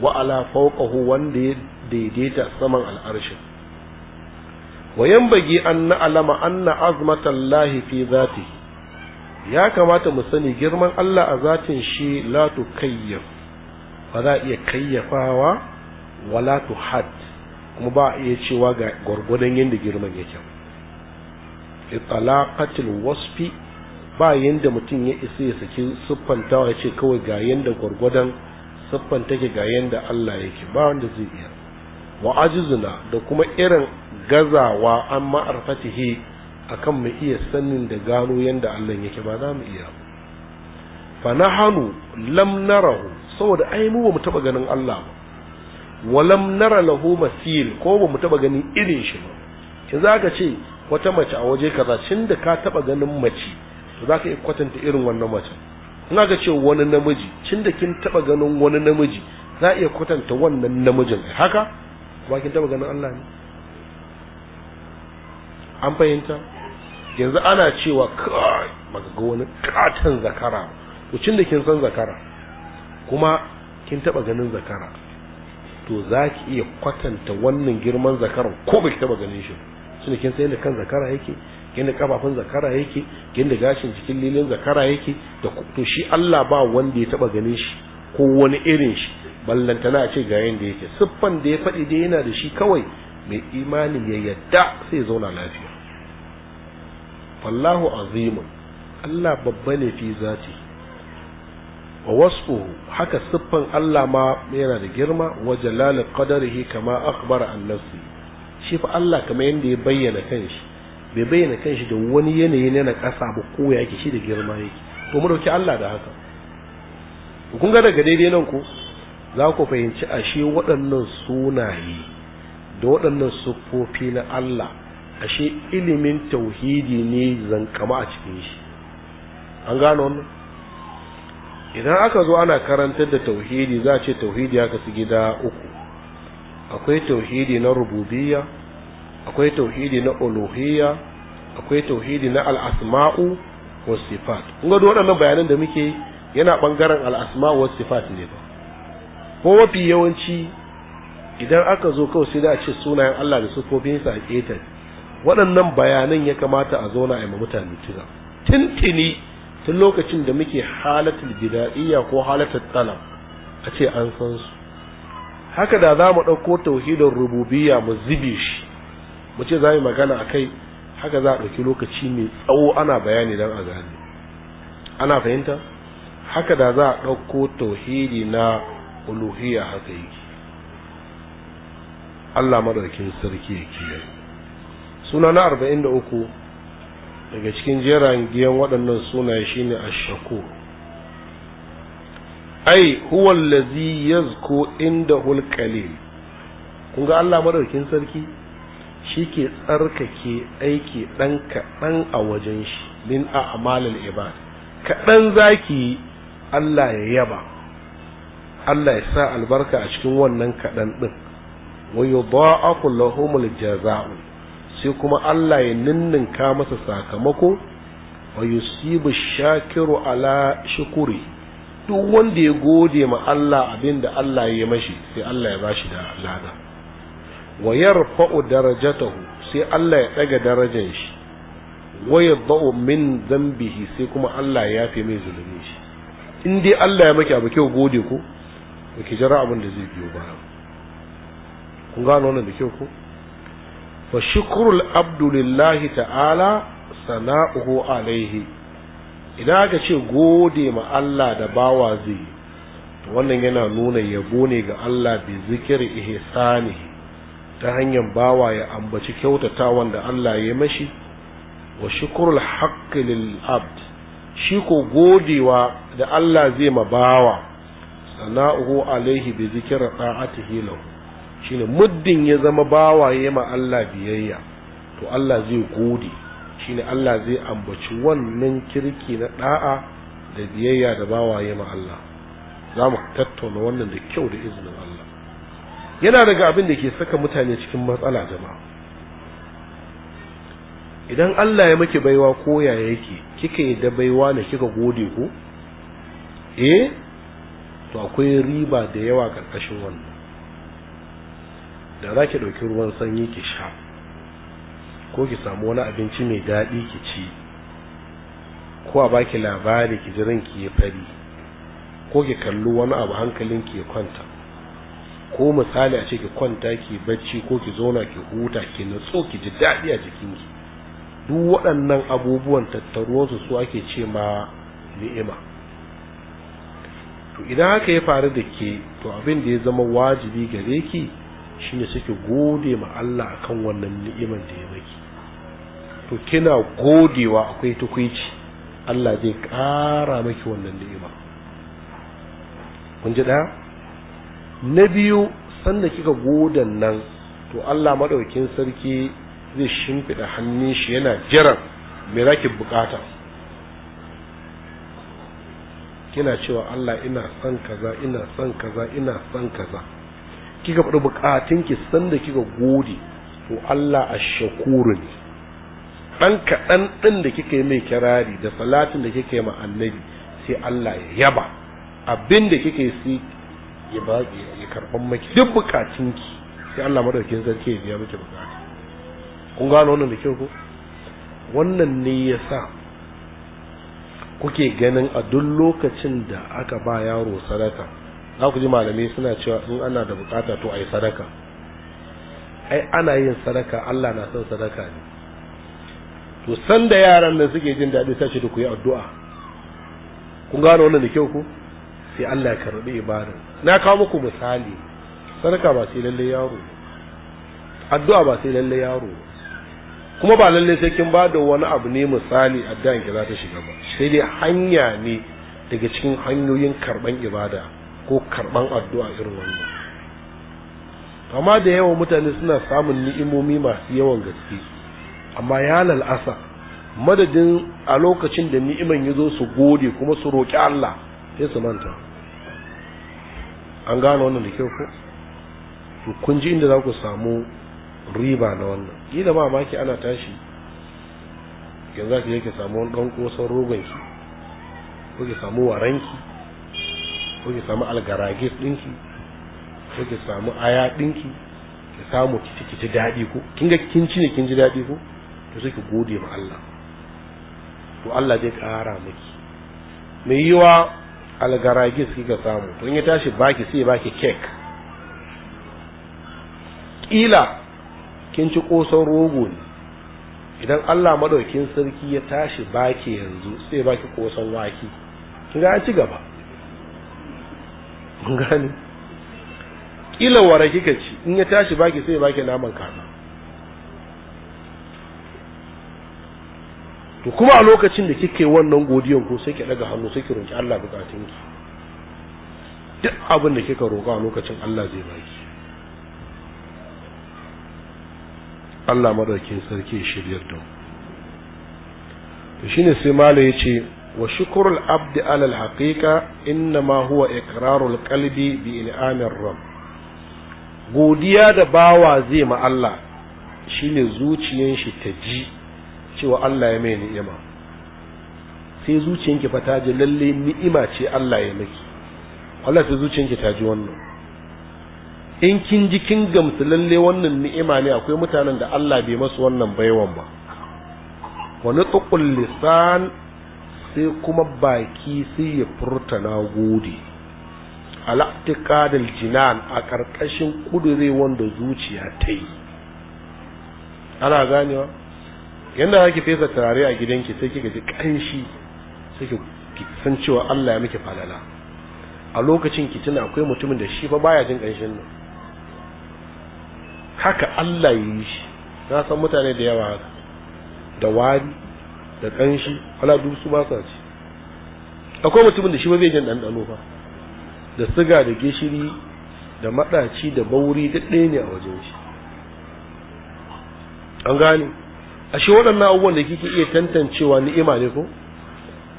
wa ala fawqahu wanda ya daidaita saman al'arshin wa yanbagi an na'lama anna azmatallahi fi zati ya kamata mu sani girman Allah a zatin shi la tukayyaf ba za iya kayyafawa wala tuhad kuma ba iya cewa ga gwargwadon yadda girman yake italaqatil wasfi ba yanda mutum ya isa ya saki siffantawa ya ce kawai ga yanda gwargwadon siffan take ga yanda Allah yake ba wanda zai iya wa ajizuna da kuma irin gazawa an ma'arfatihi akan mu iya sanin da gano yadda Allah yake ba za mu iya fa nahanu lam narahu saboda ai mu bamu taba ganin Allah ba wa lam nara lahu masil ko bamu taba ganin irin shi ba kin zaka ce wata mace a waje kaza cin da ka taba ganin mace to za ka iya kwatanta irin wannan mace ina ga ce wani namiji cin da kin taba ganin wani namiji za iya kwatanta wannan namijin haka ba kin taba ganin Allah ne an fahimta yanzu ana cewa kai maka ga wani katon zakara to cin da kin san zakara kuma kin taba ganin zakara to za ki iya kwatanta wannan girman zakaran ko ba ki taba ganin shi ba tunda kin san kan zakara yake kin da kafafun zakara yake kin da gashin cikin lilin zakara yake da to shi Allah ba wanda ya taba ganin shi ko wani irin shi ballantana a ce ga yanda yake siffan da ya faɗi dai yana da shi kawai mai imani ya yadda sai zauna lafiya wallahu azimu Allah babba ne fi zati wa wasfu haka siffan Allah ma yana da girma wa jalal qadarihi kama akhbara an shi fa Allah kamar yadda ya bayyana kanshi bai bayyana kanshi da wani yanayi na ƙasa ba ko ya yake shi da girma yake to mu dauki Allah da haka kun ga daga daidai nan ku? za ku fahimci ashe waɗannan sunaye da waɗannan siffofi na Allah ashe ilimin tauhidi ne zankama a cikin shi an gano wannan idan aka zo ana karantar da tauhidi za a ce tauhidi ya kasu gida uku akwai tauhidi na rububiyya akwai tauhidi na uluhiyya akwai tauhidi na al'asma'u was sifat kun ga waɗannan bayanan da muke yana bangaren al'asma'u was sifat ne ba ko mafi yawanci idan aka zo kawai sai da a ce sunayen Allah da sufofinsa a waɗannan bayanan ya kamata a zauna a mutane tuna tintini tun lokacin da muke halatul bida'iyya ko halatul talab a ce an san su haka da za mu ɗauko tauhidin rububiyya mu zibe shi mu ce za mu magana a kai haka za a ɗauki lokaci mai tsawo ana bayani don a gane ana fahimta haka da za a ɗauko tauhidi na uluhiyya haka yake Allah madaukin sarki ya kiyaye suna na arba'in da uku daga cikin jeran giyan waɗannan sunaye shine ashaku ai huwa allazi yazku inda hulqalil kun ga Allah madaukin sarki shi ke tsarkake aiki ɗan kaɗan a wajen shi min a amalin ibad kaɗan zaki Allah ya yaba Allah ya sa albarka a cikin wannan kaɗan ɗin wa yudha'afu lahumul jaza'u sai kuma Allah ya ninninka masa sakamako wa yusibu shakiru ala shukuri duk wanda ya gode ma Allah abinda Allah ya mashi sai Allah ya bashi da lada wa yarfa'u darajatahu sai Allah ya daga darajar shi wa yadha'u min dhanbihi sai kuma Allah ya yafe mai zulumin shi in dai Allah ya maki abu kyau gode ko ba ki jira abin da zai biyo ba. kun gano wannan da kyau ko fa shukrul abdu lillahi ta'ala sana'uhu alaihi idan aka ce gode ma Allah da bawa zai wannan yana nuna yabo ne ga Allah bi zikiri ihsanihi ta hanyar bawa ya ambaci kyautata wanda Allah ya mashi wa shukrul haƙƙi lil abd shi ko godewa da Allah zai ma bawa sana'uhu alaihi bi zikri ta'atihi lahu shine muddin ya zama bawa ya ma Allah biyayya to Allah zai gode shine Allah zai ambaci wannan kirki na da'a da biyayya da bawa ya ma Allah za mu tattauna wannan da kyau da izinin Allah yana daga abin da ke saka mutane cikin matsala jama'a idan Allah ya maki baiwa ko yaya yake kika yi da baiwa ne kika gode ko eh to akwai riba da yawa karkashin wannan da za ki ɗauki ruwan sanyi ki sha ko ki samu wani abinci mai daɗi ki ci ko a baki labari ki jiran ki ya fari ko ki kalli wani abu hankalin ki ya kwanta ko misali a ce ki kwanta ki bacci ko ki zauna ki huta ki natso ki ji daɗi a jikinki duk waɗannan abubuwan tattaruwarsu su ake ce ma ni'ima to idan haka ya faru da ke to abin da ya zama wajibi gare ki shine suke gode ma Allah akan wannan ni'iman da ya maki to kina godewa akwai tukwici Allah zai ƙara maki wannan ni'ima kun ji ɗaya na biyu sanda kika godan nan to Allah madaukin sarki zai shimfida hannun shi yana jiran me zaki bukata kina cewa Allah ina son kaza ina son kaza ina son kaza kika faɗi bukatunki sanda kika gode to Allah ashakuru ne dan kaɗan ɗin da kika yi mai kirari da salatin da kika yi ma annabi sai Allah ya yaba abin da kika yi ya ba ya karban maki duk bukatun ki sai Allah madaukakin sarki ya biya miki bukata kun gano wannan da kyau ko wannan ne yasa kuke ganin a duk lokacin da aka ba yaro sadaka za ku ji malamai suna cewa in ana da bukata to ai sadaka ai ana yin sadaka Allah na son sadaka ne to san da yaran nan suke jin daɗi sai ce ku yi addu'a kun gano wannan da kyau ko sai Allah ya karɓi ibadar na kawo muku misali sadaka ba sai lalle yaro addu'a ba sai lalle yaro kuma ba lalle sai kin ba da wani abu ne misali addu'a ki za ta shiga ba sai dai hanya ne daga cikin hanyoyin karban ibada ko karban addu'a irin wannan amma da yawa mutane suna samun ni'imomi masu yawan gaske amma ya lalasa madadin a lokacin da ni'iman ya zo su gode kuma su roƙi Allah sai su manta an gane wannan da kyau ko kun ji inda za ku samu riba na wannan kila ba maki ana tashi yanzu za ki je samu wani ɗan ƙosan rogonki ko ki samu waranki ko ki samu algaragis ɗinki ko ki samu aya ɗinki ki samu ki daɗi ko kin ga kin ne kin ji daɗi ko to sai ki gode ma Allah to Allah zai ƙara miki mai yiwa algaragis kika samu to in ya tashi baki sai baki kek kila kin ci kosan rogo ne idan Allah maɗaukin sarki ya tashi baki yanzu sai baki kosan waki kin ga ci gaba gane kila wara kika ci in ya tashi baki sai baki naman kaza to kuma a lokacin da kike wannan godiyan ko sai ki daga hannu sai ki roki Allah bukatun ki duk abin da kika roka a lokacin Allah zai baki Allah madaukin sarki shiryar da to shine sai mala yace wa shukrul abdi alal haqiqa ma huwa iqrarul qalbi bi in'amir rabb godiya da bawa zai ma Allah shine zuciyan shi ta ji cewa Allah ya mai ni'ima sai zuciyanki fa ta ji lalle ni'ima ce Allah ya miki Allah sai zuciyanki ta ji wannan in kin ji kin gamsu lalle wannan ni'ima ne akwai mutanen da Allah bai masu wannan baiwan ba Wani tsukul lisan sai kuma baki sai ya furta na gode alaqtiqadil jinan a ƙarƙashin kudure wanda zuciya ta yi ana ganewa yanda zaki fesa turare a gidanki sai kika ji kanshi sai ki san cewa Allah ya miki falala a lokacin ki tuna akwai mutumin da shi fa baya jin kanshin nan haka Allah ya yi shi na san mutane da yawa haka da wari da kanshi wala duk su ba sa ci akwai mutumin da shi ba bai jin dandano ba da siga da gishiri da madaci da bauri duk ɗaya ne a wajen shi an gane ashe waɗannan abubuwan da kike iya tantancewa ni'ima ne ko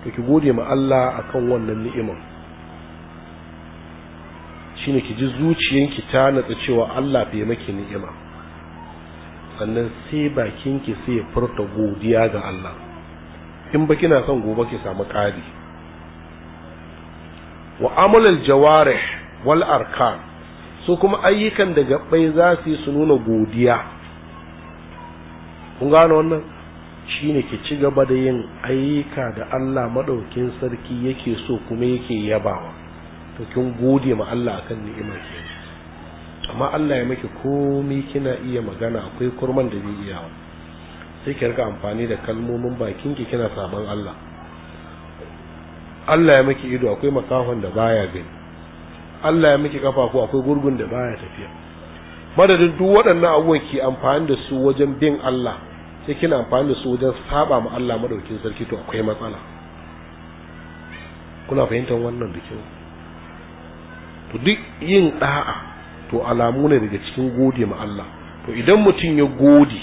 to ki gode ma Allah akan wannan ni'iman shine ki ji zuciyanki ta natsa cewa Allah bai maki ni'ima sannan sai bakinki sai ya furta godiya ga Allah in ba kina son gobe ki samu ƙari wa amalul jawarih wal arkan su kuma ayyukan da gabbai za su yi su nuna godiya kun gane wannan shine ki ci gaba da yin aika da Allah maɗaukin sarki yake so kuma yake yabawa to kin gode ma Allah akan ni'imar ki amma Allah ya miki komai kina iya magana akwai kurman da zai iya sai ki rika amfani da kalmomin bakin ki kina sabon Allah Allah ya miki ido akwai makahon da baya gani Allah ya miki kafa ko akwai gurgun da baya tafiya madadin duk waɗannan abubuwan ki amfani da su wajen bin Allah sai kina amfani da su wajen saba ma Allah maɗaukin sarki to akwai matsala kuna fahimtar wannan da kyau to duk yin da'a to alamu ne daga cikin gode ma Allah to idan mutum ya gode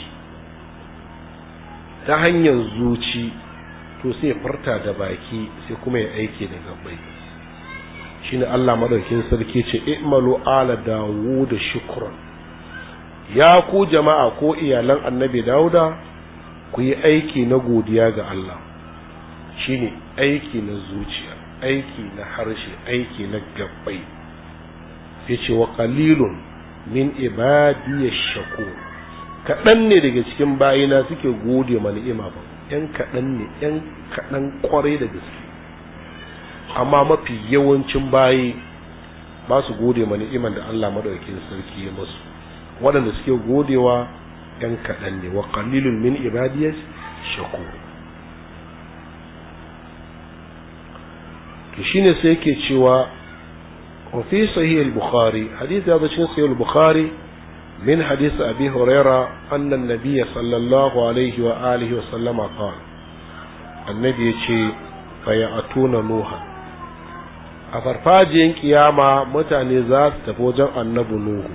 ta hanyar zuci to sai furta da baki sai kuma ya aike da gabbai shine Allah maɗaukin sarki ce i'malu ala da shukran ya ku jama'a ko iyalan annabi dauda ku yi aiki na godiya ga Allah shine aiki na zuciya aiki na harshe aiki na gabbai ce wa kalilun min ibadiyya shako. kaɗan ne daga cikin bayina suke gode ma ni'ima ba yan kaɗan ne yan kaɗan kwarai da gaske amma mafi yawancin bayi ba su gode ma ni'iman da Allah madaukin sarki ya masu waɗanda suke godewa yan kaɗan ne wa qalilun min ibadiyas shaku. to shi ne sai yake cewa wa sahih al-bukhari hadith ya bacin sahih al-bukhari min hadith abi huraira anna an-nabiy sallallahu alaihi wa alihi wa sallama qala annabi yace a tuna nuha a farfajiyan kiyama mutane za su tafi wajen annabu nuhu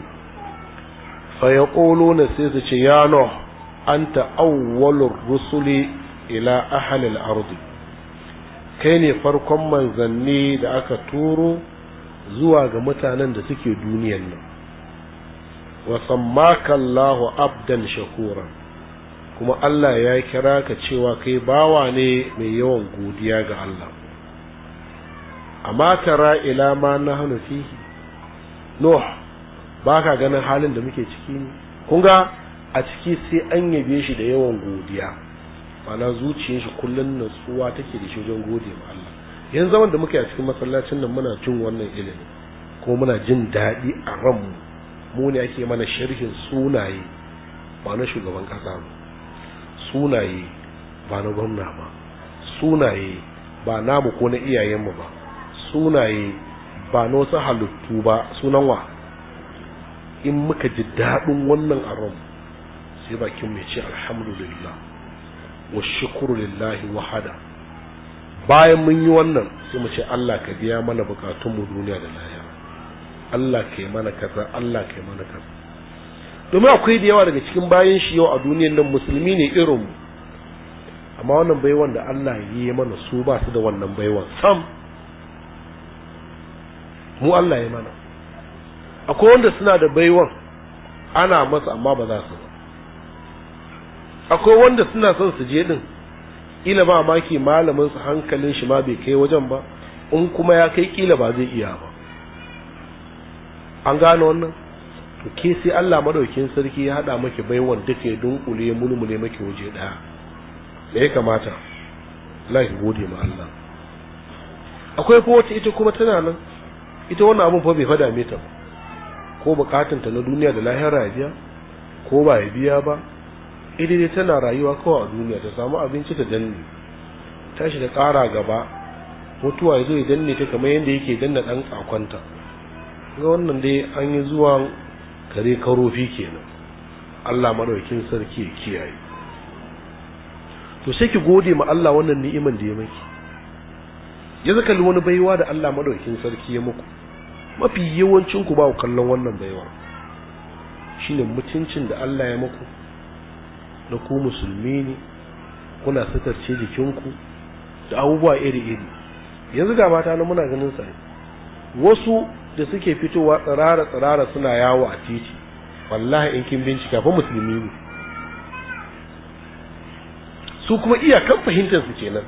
fayaquluna sai su ce ya nuh anta awwalur rusuli ila ahli al kai ne farkon manzanni da aka toro zuwa ga mutanen da suke duniyar nan Wasan makallahu abdan shakura kuma Allah ya kira ka cewa kai bawa ne mai yawan godiya ga Allah amma tara ila ma nahnu fihi nuh ba ka ganin halin da muke ciki ne kun a ciki sai an yabe shi da yawan godiya mana zuciyar shi kullun natsuwa take da shi wajen gode ma Allah yanzu zaman da muke a cikin masallacin nan muna jin wannan ilimi ko muna jin daɗi a ranmu mu ne ake mana sharhin sunaye ba na shugaban ƙasa ba sunaye ba na gwamna ba sunaye ba namu ko na iyayenmu ba sunaye ba na wasu halittu ba sunan wa in muka ji daɗin wannan aron sai bakin mai ce alhamdulillah wa shukuru lillahi wahada bayan mun yi wannan sai mu ce Allah ka biya mana bukatunmu duniya da lahira Allah ka yi mana kaza Allah ka yi mana kaza domin akwai da yawa daga cikin bayan shi yau a duniyar nan musulmi ne irin amma wannan baiwan da Allah ya yi mana su ba su da wannan baiwan sam mu Allah ya mana akwai wanda suna da baiwan ana masa amma ba za su ba akwai wanda suna son su je din kila ba maki malamin su hankalin shi ma bai kai wajen ba in kuma ya kai kila ba zai iya ba an gano wannan to ke sai Allah madaukin sarki ya hada maki baiwan duka ya dunkule ya mulmule maki waje daya me ya kamata Allah gode ma Allah akwai kuma wata ita kuma tana nan ita wannan abun fa bai fada mai ta ba ko bukatanta na duniya da lahira ya ko ba ya biya ba dai-dai tana rayuwa kawai a duniya ta samu abinci ta danne tashi da ƙara gaba mutuwa ya zo ya danne ta kamar yadda yake danna ɗan tsakonta ga wannan dai an yi zuwa kare karofi kenan Allah madaukin sarki ya kiyaye to sai ki gode ma Allah wannan ni'iman da ya maki ya zaka wani baiwa da Allah maɗaukin sarki ya muku mafi yawancin ku ba ku kallon wannan baiwa shine mutuncin da Allah ya muku da ku musulmi ne kuna sitarce jikinku da abubuwa iri-iri yanzu ga mata na muna ganin sa wasu da suke fitowa tsirara-tsirara suna yawo a titi wallahi in kin bincika fa musulmi ne su kuma iyakan fahimtar su kenan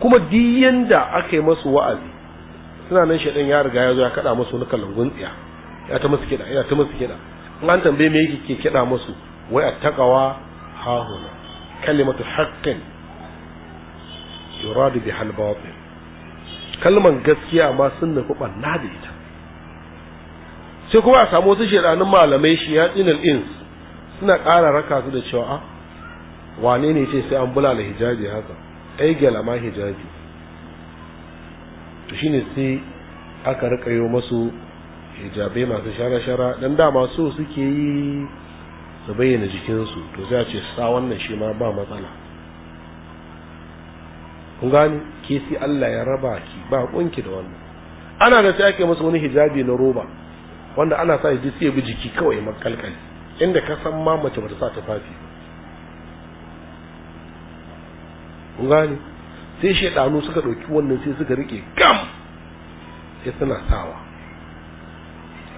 kuma diyan da aka yi masu wa'azi suna nan shaidan ya riga ya zo ya kada musu wani kalangun tsiya ya ta musu kida ya ta musu kida in an tambaye me yake ke kida musu wai attaqawa hahuna kalimatu haqqin yuradu bi hal batil kalman gaskiya ma sun nufi banna da ita sai kuma a samu wasu shaidanin malamai shi ya tsinal ins suna ƙara raka su da cewa a ah, wane ne ce sai an bula da hijabi haka ai gyalama hijabi to shine sai aka rika yo masu hijabe masu shara-shara dan dama so suke yi su bayyana jikinsu to sai a ce sa wannan shi ma ba matsala kun gani ke sai Allah ya raba ki ba kunki da wannan ana da sai ake masa wani hijabi na roba wanda ana sa shi sai bi jiki kawai makalkal inda ka san ma mace ba ta sa tufafi kun gani sai shaidanu suka ɗauki wannan sai suka rike gam sai suna sawa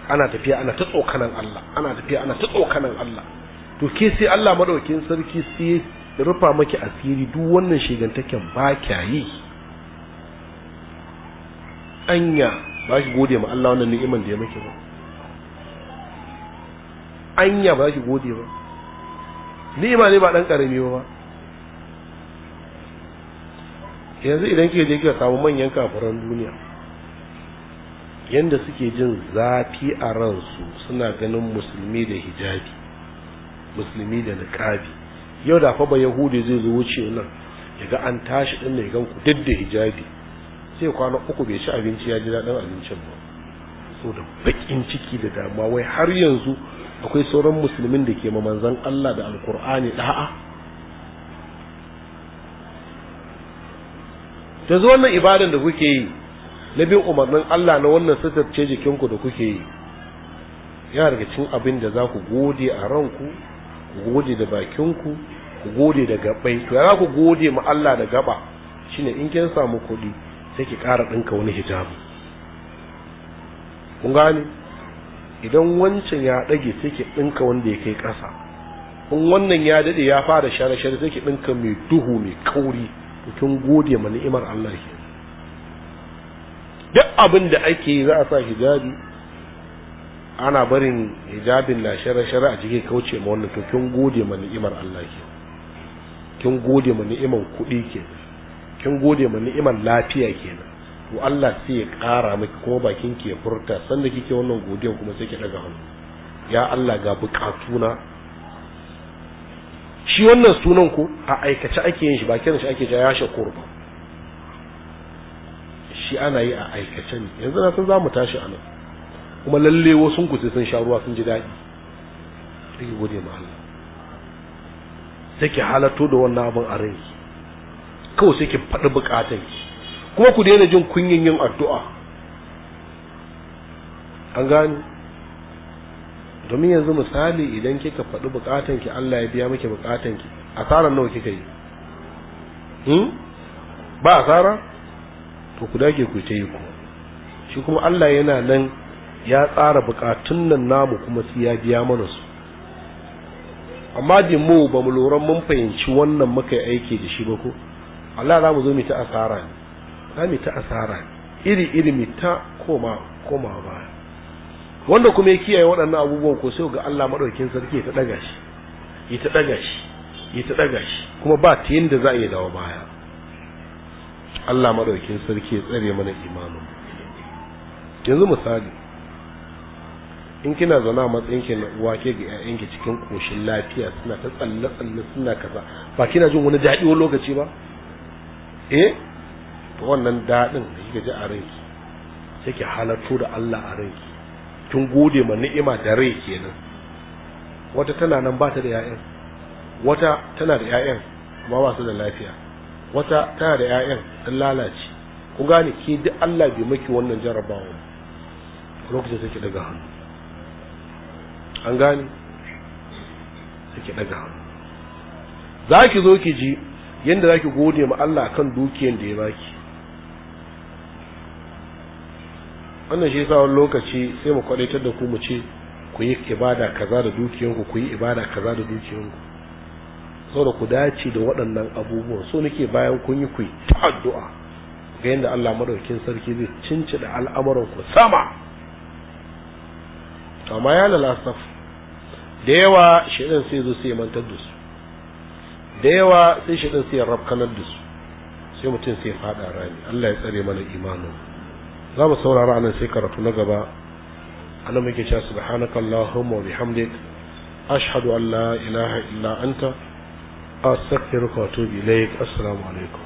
ana tafiya ana ta tsokanan Allah ana tafiya ana ta tsokanan Allah to ke sai Allah madaukin sarki sai rufa maki asiri duk wannan shigantaken ba kya yi anya ba shi gode ma Allah wannan ni'iman da ya maki ba anya ba shi gode ba ni'ima ne ba dan karami ba yanzu idan ke je kika samu manyan kafiran duniya yanda suke jin zafi a ransu suna ganin musulmi da hijabi musulmi da niqabi yau da fa ba yahudi zai zo wuce nan yaga an tashi din ne gan ku duk da hijabi sai kwana uku bai ci abinci ya ji daɗin abincin ba so da bakin ciki da dama wai har yanzu akwai sauran musulmin da ke ma manzon Allah da alkur'ani da'a ta zo wannan ibadan da kuke yi na bin umarnin Allah na wannan sitarce jikinku da kuke yi yana daga cikin abin da za ku gode a ranku ku gode da bakinku ku gode da gabai to ya ku gode ma Allah da gaba shine in kin samu kuɗi sai ki ƙara ɗinka wani hijabu kun gane idan wancan ya ɗage sai ki ɗinka wanda ya kai ƙasa in wannan ya daɗe ya fara share share sai ki ɗinka mai duhu mai kauri kin gode ma ni'imar Allah ke duk abin da ake yi za a sa hijabi ana barin hijabin na shara-shara a cikin kauce ma wannan to kin gode ma ni'imar Allah ke kin gode ma ni'imar kuɗi ke kin gode ma ni'imar lafiya kenan to Allah sai ya ƙara miki kuma bakin ki ya furta sanda kike wannan godiyan kuma sai ki daga hannu ya Allah ga bukatuna shi wannan sunan ko a aikace ake yin shi ba kiran shi ake ja ya shakur ba shi ana yi a aikace ne yanzu na san za mu tashi a nan kuma lalle wasu ku sun sha ruwa sun ji daɗi sai gode ma Allah sai ki halatto da wannan abin a rai kawai sai ki faɗi bukatan ki kuma ku daina jin kunyin yin addu'a an gani domin yanzu misali idan kika faɗi buƙatanki, ki Allah ya biya miki bukatan ki asaran nawa kika yi hmm ba asara to ku dage ku ta yi ku shi kuma Allah yana nan ya tsara buƙatun nan namu kuma sai ya biya mana su amma din mu ba mu lura mun fahimci wannan muka yi aiki da shi ba ko Allah za mu zo mu ta asara ne za mu ta asara iri iri mu ta koma koma ba wanda kuma ya kiyaye waɗannan abubuwan ko sai ga Allah madaukakin sarki ta daga shi ya ta daga shi ya ta daga shi kuma ba ta yinda za a yi dawo baya Allah madaukakin sarki ya tsare mana imanin yanzu misali in kina zana a matsayin ki na uwa ke ga ƴaƴanki cikin koshin lafiya suna ta tsalle tsalle suna kaza ba kina jin wani daɗi wani lokaci ba eh to wannan daɗin da kika ji a ranki sai ki halatto da Allah a ranki kin gode ma ni'ima da rai kenan wata tana nan ba ta da ƴaƴan wata tana da ƴaƴan amma ba su da lafiya wata tana da ƴaƴan an lalace ku gane ke duk Allah bai maki wannan jarabawa lokacin take daga hannu an gane take daga hannu za ki zo ki ji yadda za ki gode ma Allah kan dukiyar da ya baki wannan shi sa wani lokaci sai mu kwadaitar da ku mu ce ku yi ibada kaza da dukiyanku ku yi ibada kaza da dukiyanku saboda ku dace da waɗannan abubuwan so nake bayan kun yi ku yi ta addu'a ga yadda Allah madaukakin sarki zai da al'amuran ku sama amma ya lalasaf da yawa shedan sai zo sai mantar da su da yawa sai shedan sai rafkanar da su sai mutum sai fada rani, Allah ya tsare mana imanin za mu saurara nan sai karatu na gaba anan muke cewa subhanaka allahumma bihamdik ashhadu an la ilaha illa anta astaghfiruka wa atubu ilaik assalamu alaikum